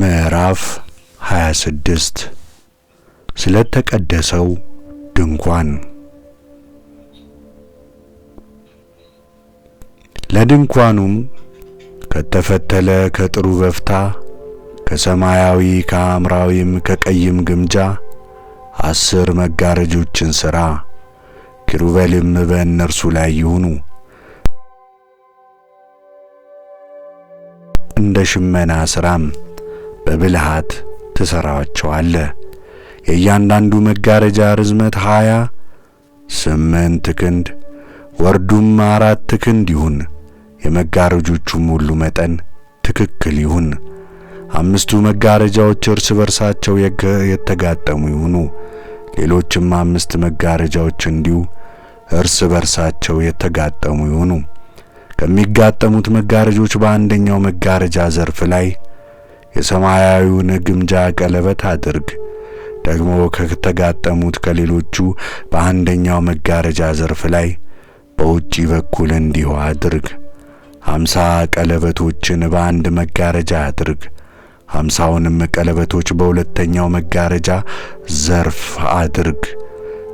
ምዕራፍ 26 ስለተቀደሰው ድንኳን። ለድንኳኑም ከተፈተለ ከጥሩ በፍታ ከሰማያዊ ከሐምራዊም ከቀይም ግምጃ አስር መጋረጆችን ሥራ። ኪሩቤልም በእነርሱ ላይ ይሁኑ እንደ ሽመና ሥራም በብልሃት ትሠራቸዋለህ። የእያንዳንዱ መጋረጃ ርዝመት ሃያ ስምንት ክንድ ወርዱም አራት ክንድ ይሁን። የመጋረጆቹም ሁሉ መጠን ትክክል ይሁን። አምስቱ መጋረጃዎች እርስ በርሳቸው የተጋጠሙ ይሁኑ። ሌሎችም አምስት መጋረጃዎች እንዲሁ እርስ በርሳቸው የተጋጠሙ ይሁኑ። ከሚጋጠሙት መጋረጆች በአንደኛው መጋረጃ ዘርፍ ላይ የሰማያዊውን ግምጃ ቀለበት አድርግ። ደግሞ ከተጋጠሙት ከሌሎቹ በአንደኛው መጋረጃ ዘርፍ ላይ በውጪ በኩል እንዲሁ አድርግ። አምሳ ቀለበቶችን በአንድ መጋረጃ አድርግ። አምሳውንም ቀለበቶች በሁለተኛው መጋረጃ ዘርፍ አድርግ።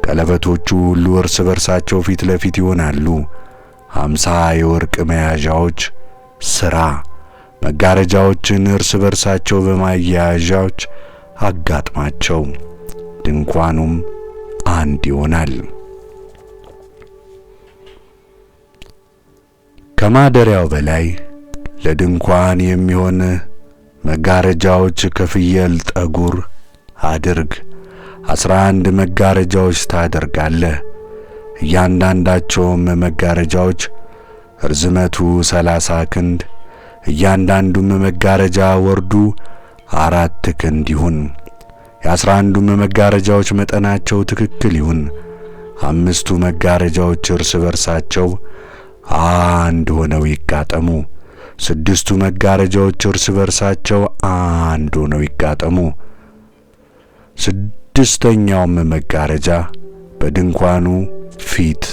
ቀለበቶቹ ሁሉ እርስ በርሳቸው ፊት ለፊት ይሆናሉ። አምሳ የወርቅ መያዣዎች ሥራ መጋረጃዎችን እርስ በርሳቸው በማያያዣዎች አጋጥማቸው፣ ድንኳኑም አንድ ይሆናል። ከማደሪያው በላይ ለድንኳን የሚሆን መጋረጃዎች ከፍየል ጠጉር አድርግ። አስራ አንድ መጋረጃዎች ታደርጋለህ። እያንዳንዳቸውም መጋረጃዎች ርዝመቱ ሰላሳ ክንድ እያንዳንዱም መጋረጃ ወርዱ አራት ክንድ ይሁን። የአስራ አንዱም መጋረጃዎች መጠናቸው ትክክል ይሁን። አምስቱ መጋረጃዎች እርስ በርሳቸው አንድ ሆነው ይጋጠሙ። ስድስቱ መጋረጃዎች እርስ በርሳቸው አንድ ሆነው ይጋጠሙ። ስድስተኛውም መጋረጃ በድንኳኑ ፊት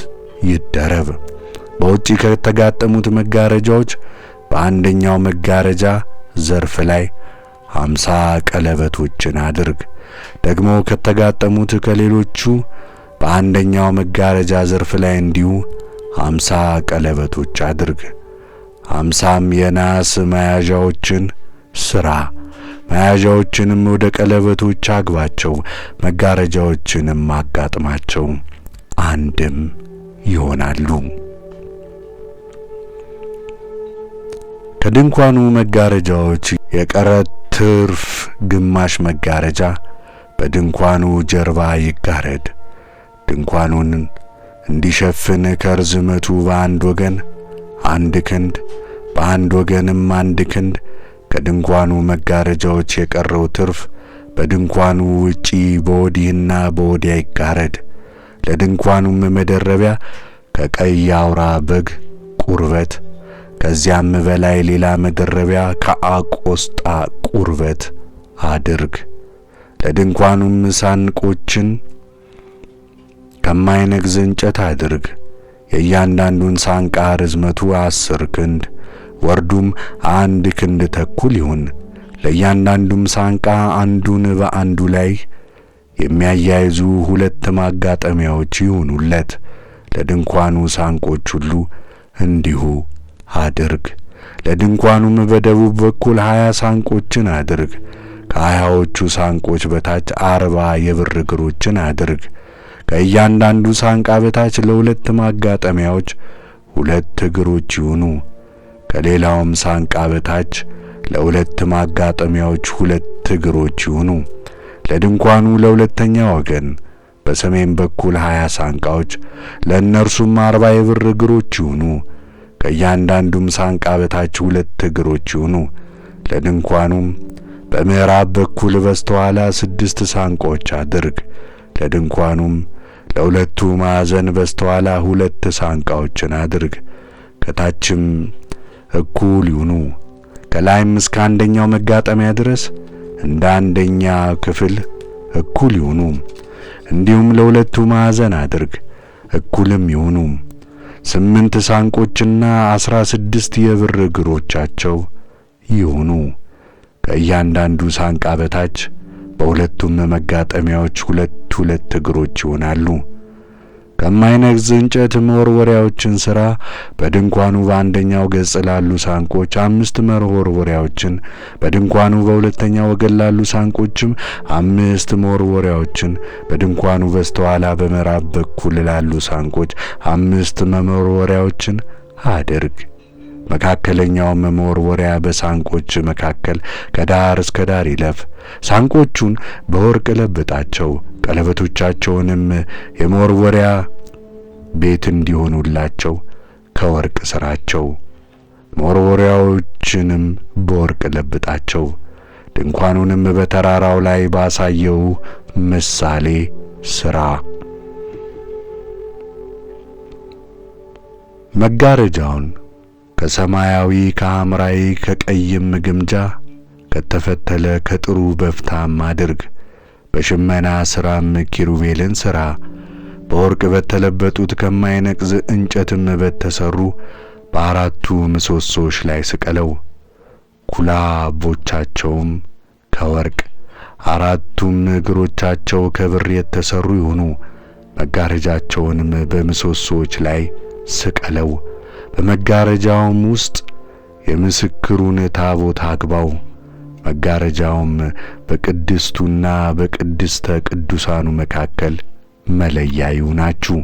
ይደረብ። በውጪ ከተጋጠሙት መጋረጃዎች በአንደኛው መጋረጃ ዘርፍ ላይ አምሳ ቀለበቶችን አድርግ። ደግሞ ከተጋጠሙት ከሌሎቹ በአንደኛው መጋረጃ ዘርፍ ላይ እንዲሁ አምሳ ቀለበቶች አድርግ። አምሳም የናስ መያዣዎችን ስራ መያዣዎችንም ወደ ቀለበቶች አግባቸው፣ መጋረጃዎችንም አጋጥማቸው፣ አንድም ይሆናሉ። ከድንኳኑ መጋረጃዎች የቀረ ትርፍ ግማሽ መጋረጃ በድንኳኑ ጀርባ ይጋረድ። ድንኳኑን እንዲሸፍን ከርዝመቱ በአንድ ወገን አንድ ክንድ በአንድ ወገንም አንድ ክንድ ከድንኳኑ መጋረጃዎች የቀረው ትርፍ በድንኳኑ ውጪ በወዲህና በወዲያ ይጋረድ። ለድንኳኑም መደረቢያ ከቀይ አውራ በግ ቁርበት ከዚያም በላይ ሌላ መደረቢያ ከአቆስጣ ቁርበት አድርግ። ለድንኳኑም ሳንቆችን ከማይነግዝ እንጨት አድርግ። የእያንዳንዱን ሳንቃ ርዝመቱ አስር ክንድ ወርዱም አንድ ክንድ ተኩል ይሁን። ለእያንዳንዱም ሳንቃ አንዱን በአንዱ ላይ የሚያያይዙ ሁለት ማጋጠሚያዎች ይሁኑለት። ለድንኳኑ ሳንቆች ሁሉ እንዲሁ አድርግ። ለድንኳኑም በደቡብ በኩል ሀያ ሳንቆችን አድርግ። ከሀያዎቹ ሳንቆች በታች አርባ የብር እግሮችን አድርግ። ከእያንዳንዱ ሳንቃ በታች ለሁለት ማጋጠሚያዎች ሁለት እግሮች ይሁኑ። ከሌላውም ሳንቃ በታች ለሁለት ማጋጠሚያዎች ሁለት እግሮች ይሁኑ። ለድንኳኑ ለሁለተኛ ወገን በሰሜን በኩል ሀያ ሳንቃዎች ለእነርሱም አርባ የብር እግሮች ይሁኑ። ከእያንዳንዱም ሳንቃ በታች ሁለት እግሮች ይሁኑ። ለድንኳኑም በምዕራብ በኩል በስተኋላ ስድስት ሳንቆች አድርግ። ለድንኳኑም ለሁለቱ ማዕዘን በስተኋላ ሁለት ሳንቃዎችን አድርግ። ከታችም እኩል ይሁኑ። ከላይም እስከ አንደኛው መጋጠሚያ ድረስ እንደ አንደኛ ክፍል እኩል ይሁኑ። እንዲሁም ለሁለቱ ማዕዘን አድርግ፣ እኩልም ይሁኑም። ስምንት ሳንቆችና አስራ ስድስት የብር እግሮቻቸው ይሁኑ። ከእያንዳንዱ ሳንቃ በታች በሁለቱም መጋጠሚያዎች ሁለት ሁለት እግሮች ይሆናሉ። ከማይነግዝ እንጨት መወርወሪያዎችን ስራ በድንኳኑ በአንደኛው ገጽ ላሉ ሳንቆች አምስት መወርወሪያዎችን በድንኳኑ በሁለተኛ ወገን ላሉ ሳንቆችም አምስት መወርወሪያዎችን በድንኳኑ በስተኋላ በምዕራብ በኩል ላሉ ሳንቆች አምስት መወርወሪያዎችን አድርግ። መካከለኛውም መወርወሪያ በሳንቆች መካከል ከዳር እስከ ዳር ይለፍ። ሳንቆቹን በወርቅ ለብጣቸው፣ ቀለበቶቻቸውንም የመወርወሪያ ቤት እንዲሆኑላቸው ከወርቅ ስራቸው። መወርወሪያዎችንም በወርቅ ለብጣቸው። ድንኳኑንም በተራራው ላይ ባሳየው ምሳሌ ስራ። መጋረጃውን ከሰማያዊ ከሐምራዊ ከቀይም ግምጃ ከተፈተለ ከጥሩ በፍታም አድርግ። በሽመና ሥራም ኪሩቤልን ሥራ። በወርቅ በተለበጡት ከማይነቅዝ እንጨትም በተሠሩ በአራቱ ምሰሶች ላይ ስቀለው። ኩላቦቻቸውም ከወርቅ አራቱም እግሮቻቸው ከብር የተሠሩ ይሁኑ። መጋረጃቸውንም በምሰሶች ላይ ስቀለው። በመጋረጃውም ውስጥ የምስክሩን ታቦት አግባው። መጋረጃውም በቅድስቱና በቅድስተ ቅዱሳኑ መካከል መለያ ይሁናችሁ።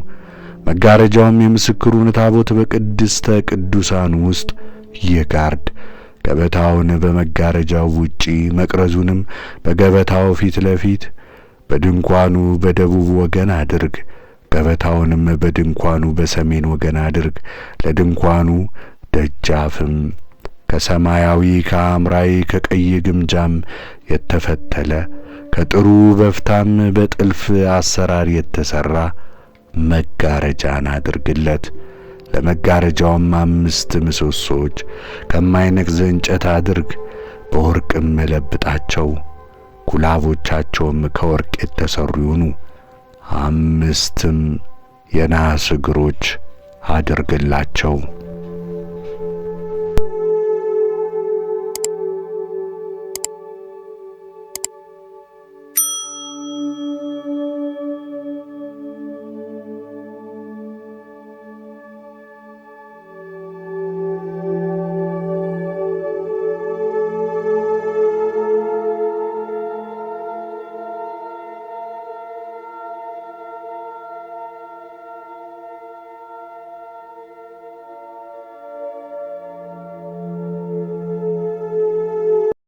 መጋረጃውም የምስክሩን ታቦት በቅድስተ ቅዱሳኑ ውስጥ ይጋርድ። ገበታውን በመጋረጃው ውጪ መቅረዙንም በገበታው ፊት ለፊት በድንኳኑ በደቡብ ወገን አድርግ። ገበታውንም በድንኳኑ በሰሜን ወገን አድርግ። ለድንኳኑ ደጃፍም ከሰማያዊ ከሐምራዊ ከቀይ ግምጃም የተፈተለ ከጥሩ በፍታም በጥልፍ አሰራር የተሰራ መጋረጃን አድርግለት። ለመጋረጃውም አምስት ምሰሶዎች ከማይነቅዝ እንጨት አድርግ፣ በወርቅም መለብጣቸው ኩላቦቻቸውም ከወርቅ የተሰሩ ይሁኑ። አምስትም የናስ እግሮች አድርግላቸው።